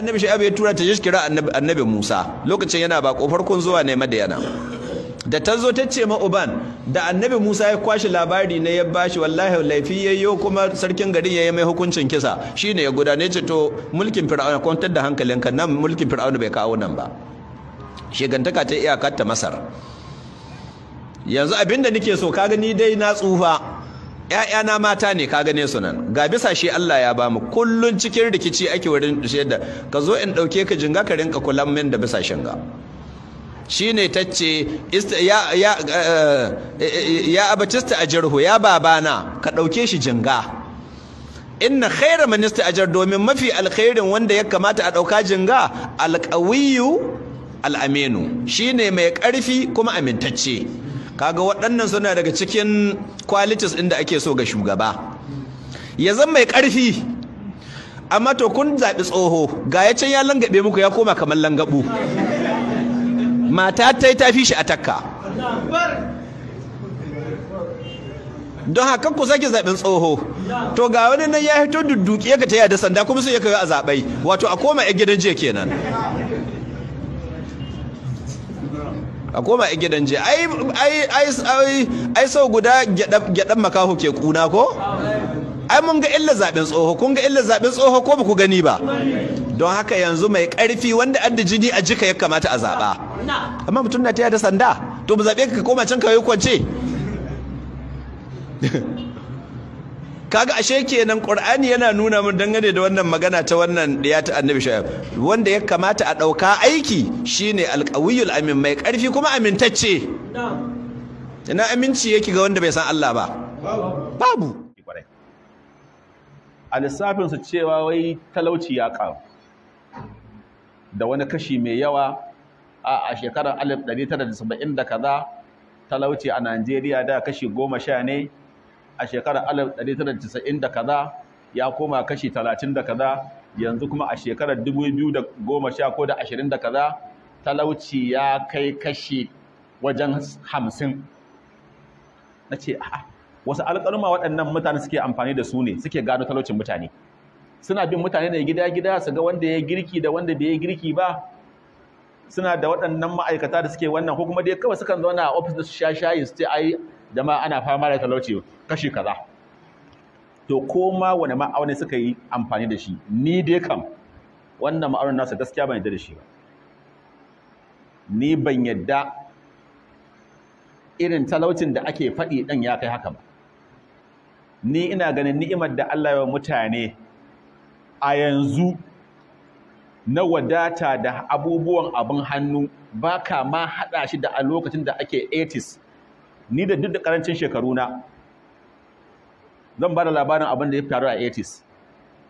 annabi shaibu ya tura ta je kira annabi Musa lokacin yana ba kun zuwa ne Madiyana da ta zo ta ce ma uban da annabi Musa ya kwashi labari na ya bashi wallahi laifi yayyo kuma sarkin garin yayi mai hukuncin kisa Shi ne ya gudane ce to mulkin fir'auna kwantar da hankalinka nan mulkin fir'auna bai kawo nan ba Shekantaka ta iyakar ta Masar yanzu abinda nake so ka gani dai na tsufa ‘ya'yana mata ne ka gane su nan ga bisa shi Allah ya bamu kullum cikin rikici ake wurin dushe da ka zo in ɗauke ka jinga ka rinka kulan min da bisa shinga shi ne ta ce ya abatista eh, eh, eh, a jirhu ya babana ka ɗauke shi jinga inna khaira minista a domin mafi alkhairin wanda ya kamata a ɗauka jinga alƙawiyu al'aminu shi ne mai ƙarfi kuma amintacce kaga waɗannan suna daga cikin qualities ɗin da ake so ga shugaba ya zan mai ƙarfi amma to kun zaɓi tsoho ga ya can ya langaɓe muku ya koma kamar langaɓu mata ta ta fi shi a takka don haka ku sake zaɓin tsoho to ga wani nan ya hito dudduki ya ta yada sanda kuma sai ya kawai a zaɓai wato a koma 'yan gidan jiya kenan a koma a gidan je ai ai sau guda gyadan makaho ke kuna ko ai mun ga illa zaɓen tsoho kun ga illa zaɓen tsoho ko baku gani ba don haka yanzu mai ƙarfi wanda adda jini a jika ya kamata a zaɓa amma mutum na taya da sanda to mu zaɓe ka koma can ka yi kwance kaga ashe kenan qur'ani yana nuna mun dangane da wannan magana ta wannan da ya ta annabi shayab wanda ya kamata a dauka aiki shine alqawiyul amin mai karfi kuma amintacce ina aminci yake ga wanda bai san Allah ba babu a lissafin su cewa wai talauci ya karu da wani kashi mai yawa a shekarar 1970 da kaza talauci a Najeriya da kashi goma sha ne a shekarar 1990 da kaza ya koma kashi 30 da kaza yanzu kuma a shekarar 2010 ko da 20 da kaza talauci ya kai kashi wajen 50 na ce a wasu alƙaluma waɗannan mutane suke amfani da su ne suke gano talaucin mutane suna bin mutane da gida-gida su ga wanda ya girki da wanda bai girki ba suna da waɗannan ma'aikata da suke wannan ko kuma dai kawai sukan zauna a ofis da su sha shayi su ce ai dama ana fama da talauci kashi kaza to ko ma wani ma'auni suka yi amfani da shi ni dai kam wannan ma'aunin nasa gaskiya ban yadda da shi ba ni ban yadda irin talaucin da ake faɗi ɗan ya kai haka ba ni ina ganin ni'imar da Allah ya mutane a yanzu na wadata da abubuwan abin hannu ba ka ma haɗa shi da a lokacin da ake 80s ni da duk da karancin na, zan ba da labarin abin da ya faru a 80s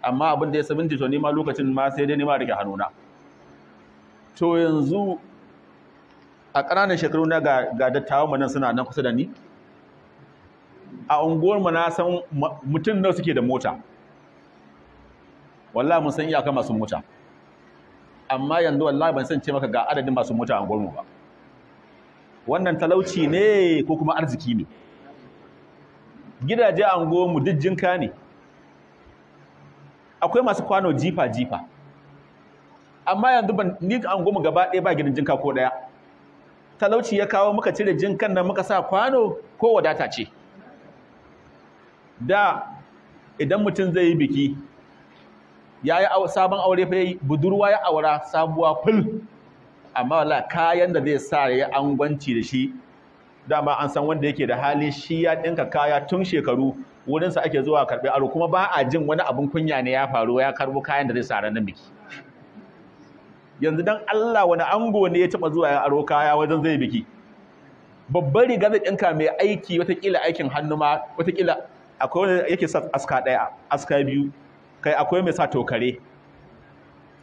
amma abin da ya 70 to ma lokacin ma sai dai ma rike hannuna to yanzu a ƙananan na ga ga dattawan mu nan suna nan kusa da ni a unguwar mu na san mutum nawa suke da mota wallahi mun san iyaka masu mota amma yanzu wallahi ban san ce maka ga adadin masu mota a unguwar mu ba wannan talauci ne ko kuma arziki ne gidaje a mu duk jinka ne akwai masu kwano jifa-jifa amma yanzu ban ni an gaba ɗaya ba gidan jinka ko ɗaya talauci ya kawo muka cire jinkan nan muka sa kwano ko wadata ce da idan mutum zai yi biki ya yi sabon aure fai budurwa ya aura sabuwa ful amma wala kayan da zai sa ya angwanci da shi dama an san wanda yake da hali shi ya dinka kaya tun shekaru wurinsa ake zuwa karbe aro kuma ba a jin wani abin kunya ne ya faru ya karɓo kayan da zai sa ranar biki yanzu dan Allah wani ango ne ya taba zuwa ya aro kaya wajen zai biki babbar riga zai ɗinka mai aiki watakila aikin hannu ma watakila akwai wanda yake sa aska ɗaya aska biyu kai akwai mai sa tokare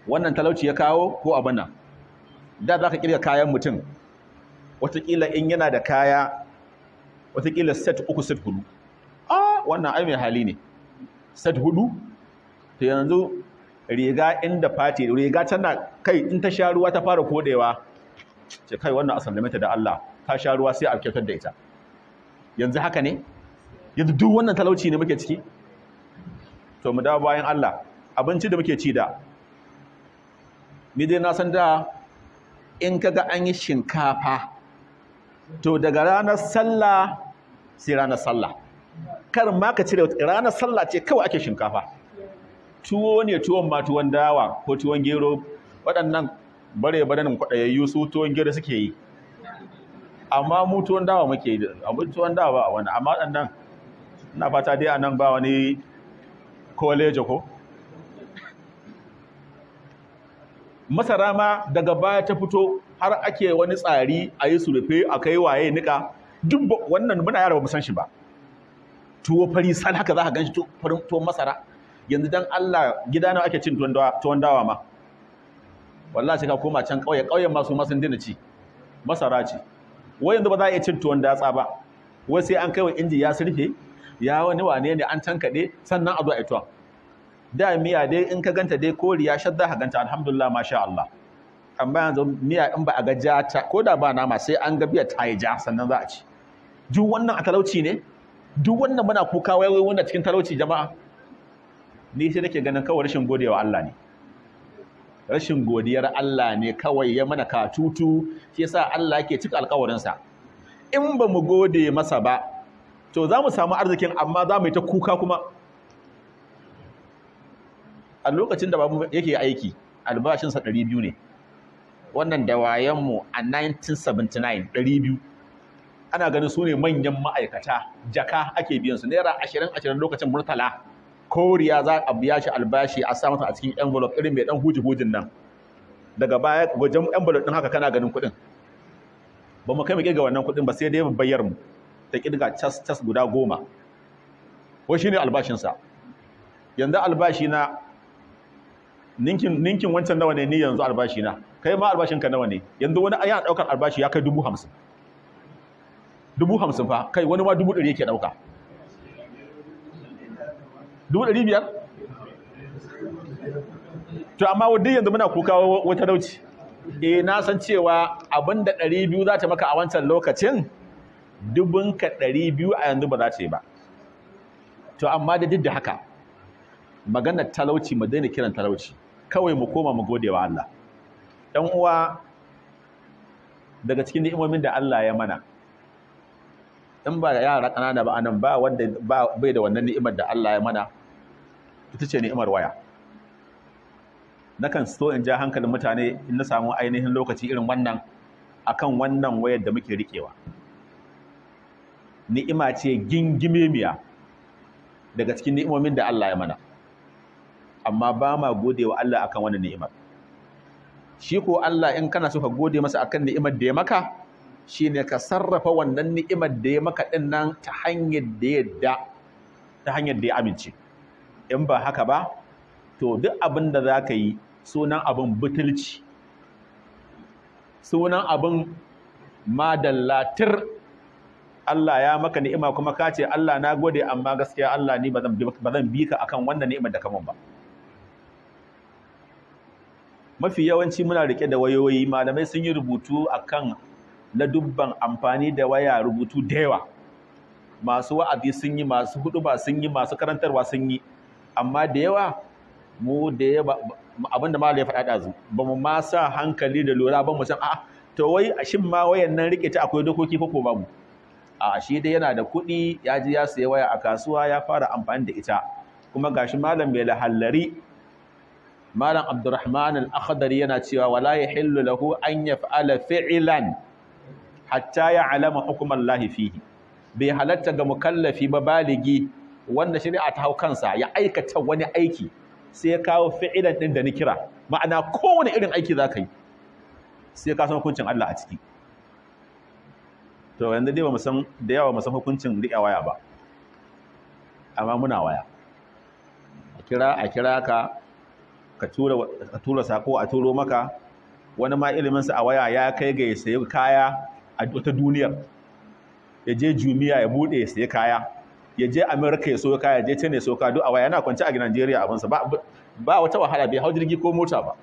wannan talauci ya kawo ko abana nan da za ka kirga kayan mutum watakila in yana da kaya watakila set uku set hudu a wannan ai hali ne set hudu ta yanzu riga inda fati riga tana kai in ta sha ruwa ta fara kodewa ce kai wannan asalimata da Allah ta sha ruwa sai a kyautar da ita yanzu haka ne yanzu duk wannan talauci ne muke ciki to mu dawo bayan Allah abinci da muke ci da ni dai na san da in kaga an yi shinkafa to daga ranar sallah sai ranar sallah kar ma ka cire ranar sallah ce kawai ake shinkafa tuwo ne tuwon ma tuwon dawa ko tuwon gero waɗannan bare baranin kwaɗayayyu su tuwon gero suke yi amma mu tuwon dawa muke yi abin tuwon dawa a wani amma waɗannan na fata dai a nan ba wani koleji ko masara ma daga baya ta fito har ake wani tsari a yi surufe a kai waye nika duk wannan muna yara ba mu san shi ba tuwo fari sal haka za ka gan shi tuwon masara yanzu dan Allah gida nawa ake cin tuwon dawa ma wallahi sai ka koma can ƙauye ƙauyen ma su ma sun dina ci masara ce wai yanzu ba za a iya cin tuwon datsa ba wai sai an kai wa inji ya surfe ya wani wane ne an tankade sannan a zo a yi tuwon da miya dai in ka ganta dai koriya shadda ka ganta alhamdulillah masha Allah amma yanzu miya in ba a ga ja ta ko da ba nama sai an ga biya ta yi ja sannan za a ci duk wannan a talauci ne duk wannan muna kuka wai wai wannan cikin talauci jama'a ni sai nake ganin kawai rashin godewa Allah ne rashin godiyar Allah ne kawai ya mana katutu shi yasa Allah yake cika alƙawarinsa in ba mu gode masa ba to za mu samu arzikin amma za mu yi ta kuka kuma a lokacin da babu yake aiki albashinsa ɗari biyu ne wannan dawayenmu a 1979 200 biyu ana ganin sune manyan ma'aikata jaka ake biyan su naira ashirin ashirin lokacin murtala koriya za a biya shi albashi a sa masa a cikin envelope irin mai ɗan huji-hujin nan daga baya wajen envelope ɗin haka kana ganin kuɗin ba mu kai mu ƙirga wannan kuɗin ba sai dai bayar mu ta ƙirga cas cas guda goma wai shine albashinsa yanzu albashi na ninkin wancan nawa ne ni yanzu albashi na kai ma albashin ka nawa ne yanzu wani ya daukar albashi ya kai dubu hamsin dubu hamsin fa kai wani ma dubu ɗari yake dauka dubu ɗari biyar to amma wadda yanzu muna kuka wata dauci eh na san cewa abin da ɗari biyu za ta maka a wancan lokacin dubinka ɗari biyu a yanzu ba za ta yi ba to amma da duk da haka maganar talauci madaina daina kiran talauci kawai mu koma mu gode wa Allah dan uwa daga cikin ni'imomin da Allah ya mana in ba yara kanana ba anan ba wanda ba bai da wannan ni'imar da Allah ya mana ita ce ni'imar waya nakan so in ja hankalin mutane in na samu ainihin lokaci irin wannan akan wannan wayar da muke rikewa ni'ima ce gingimemiya daga cikin ni'imomin da Allah ya mana amma ba ma gode wa Allah akan wannan ni'imar shi ko Allah in kana so ka gode masa akan ni'imar da ya maka shine ka sarrafa wannan ni'imar da ya maka din nan ta hanyar da ya da ta hanyar da ya amince in ba haka ba to duk abin da za ka yi sunan abin butulci sunan abin madallatir Allah ya maka ni'ima kuma ka ce Allah na gode amma gaskiya Allah ni ba zan bi ka akan wannan ni'imar da kamun ba mafi yawanci muna rike da wayoyi malamai sun yi rubutu akan na dubban amfani da waya rubutu da yawa masu wa'azi sun yi masu ba sun yi masu karantarwa sun yi amma da yawa mu da yawa abinda malam ya faɗa ɗazu ba mu ma hankali da lura ba mu san a'a to wai shin ma wayan nan rike ta akwai dokoki ko mu. a shi dai yana da kuɗi ya ji ya sayi waya a kasuwa ya fara amfani da ita kuma gashi malam bai lahallari malam abdurrahman al-akhdari yana cewa wala ya hillu lahu an yaf'ala fi'lan hatta alama hukumar lahi fihi bai halatta ga mukallafi ba baligi wanda shari'a ta hau kansa ya aikata wani aiki sai ya kawo fi'lan din da ni kira ma'ana kowane irin aiki zaka yi sai ka san hukuncin Allah a ciki to yanda dai ba mu san da yawa mu san hukuncin riƙe waya ba amma muna waya a kira a kira ka ka tura sako a turo maka wani ma iliminsa a waya ya kai ga ya sayi kaya a wata duniyar ya je jumiya ya bude ya sayi kaya ya je Amurka ya soka ya je china ya soka duk a waya yana kwanci a nigeria abinsa ba ba wata wahala bai hau jirgi ko mota ba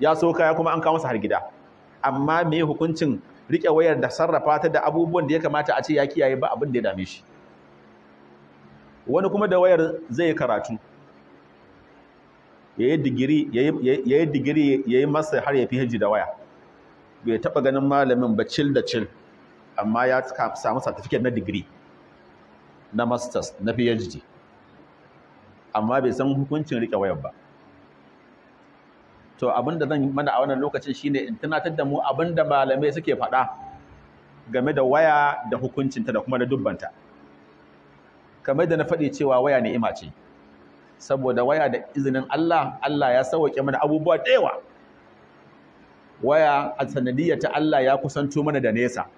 ya soka ya kuma an kawo masa har gida amma me hukuncin rike wayar da sarrafa ta da abubuwan da ya kamata a ce ya kiyaye ba abin da ya dame shi wani kuma da wayar zai karatu ya yi digiri ya yi masa har ya fi hijji da waya bai taba ganin malamin ba cil da cil amma ya samu certificate na digiri na masters na phd amma bai san hukuncin rike wayar ba to abinda zan mana a wannan lokacin shine in tunatar da mu abinda malamai suke faɗa game da waya da hukuncinta da kuma da dubbanta kamar da na faɗi cewa waya ni'ima ce saboda waya da izinin Allah Allah ya sauke mana abubuwa da yawa waya a sanadiyar ta Allah ya kusanto mana da nesa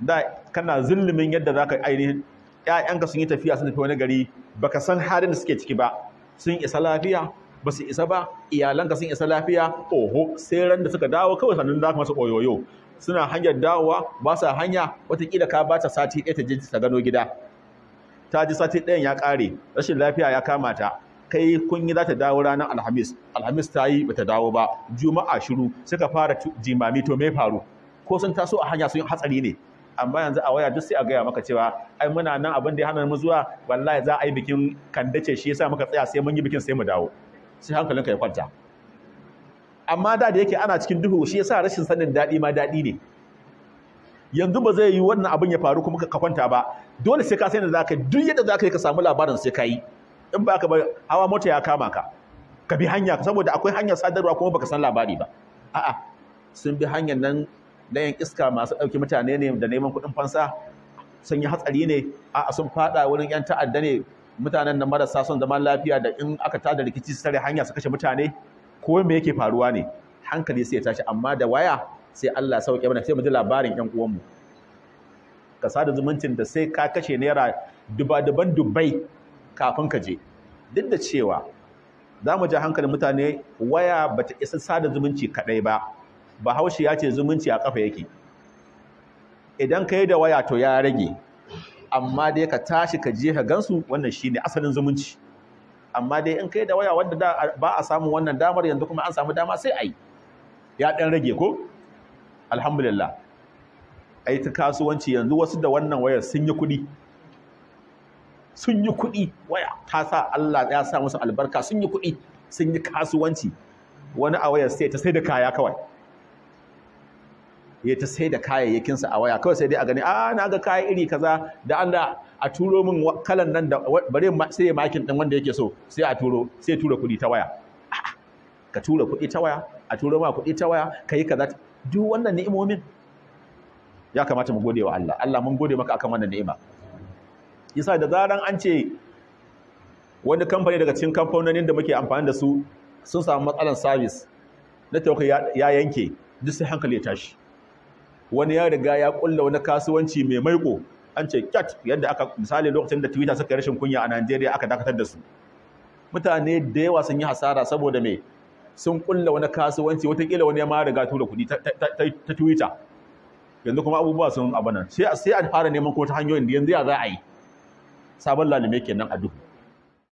da kana zullumin yadda zaka ainihin ƴaƴanka sun yi tafiya sun tafi wani gari baka san halin da suke ciki ba sun isa lafiya ba su isa ba iyalanka sun isa lafiya oho sai ran da suka dawo kawai sannan za ka masa oyoyo suna hanyar dawowa ba sa hanya kila ka ba ta sati ɗaya ta je ta gano gida ta ji sati ɗayan ya ƙare rashin lafiya ya kama ta kai kun yi za ta dawo ranar alhamis alhamis ta yi ba ta dawo ba juma'a shiru suka fara jimami to mai faru ko sun taso a hanya sun yi hatsari ne amma yanzu a waya duk sai a gaya maka cewa ai muna nan abin da ya hana mu zuwa wallahi za a yi bikin kandace shi yasa muka tsaya sai mun yi bikin sai mu dawo sai hankalinka ya kwanta amma da da yake ana cikin duhu shi yasa rashin sanin daɗi ma daɗi ne yanzu ba zai yi wannan abin ya faru kuma ka kwanta ba dole sai ka sai da zaka duk yadda zaka yi ka samu labarin sai ka yi in ba ka ba hawa mota ya kama ka ka bi hanya saboda akwai hanyar sadarwa kuma baka san labari ba a'a sun bi hanyar nan yan iska masu ɗauki mutane ne da neman kuɗin fansa sun yi hatsari ne a'a sun faɗa wurin yan ta'adda ne mutanen da marasa son zaman lafiya da in aka tada rikici su tare hanya su kashe mutane ko me yake faruwa ne hankali sai ya tashi amma da waya sai Allah sauke mana sai mu ji labarin ƴan uwanmu ka sada zumuncin da sai ka kashe naira duba-duban dubai kafin ka je duk da cewa za mu ji hankalin mutane waya ba ta isa sada zumunci kaɗai ba bahaushe ya ce zumunci a ƙafa yake idan ka yi da waya to ya rage amma dai ka tashi ka je ka gansu wannan shine asalin zumunci amma dai in kai da waya wanda ba a samu wannan damar yanzu kuma an samu dama sai a yi ya ɗan rage ko alhamdulillah yi ta kasuwanci yanzu wasu da wannan wayar sun yi kuɗi sun yi kuɗi waya ta sa Allah ya sa musu albarka sun yi kuɗi sun yi kasuwanci wani a wayar sai ta sai da kaya kawai ya ta sai da kayayyakinsa a waya kawai sai dai a gani a ah, na ga kaya iri kaza da an da a turo min kalan nan da bare sai ya makin ɗin wanda yake so sai a turo sai tura kuɗi ta waya ka tura kuɗi ta waya a turo ma kuɗi ta waya ka yi kaza duk wannan ni'imomin ya kamata mu gode wa Allah Allah mun gode maka akan wannan ni'ima yasa da zaran an ce wani kamfani daga cikin kamfanonin da muke amfani da su sun samu matsalan service na tauka ya yanke duk sai hankali ya tashi wani ya riga ya kulla wani kasuwanci mai maiko an ce cat yadda aka misali lokacin da Twitter suka rashin kunya a Najeriya aka dakatar da su mutane da yawa sun yi hasara saboda mai. sun kulla wani kasuwanci watakila wani ya ma gatu da kudi ta twitter yanzu kuma abubuwa sun abana sai a fara neman ko ta hanyoyin da yanzu ya za a yi sabon lalime kenan a duhu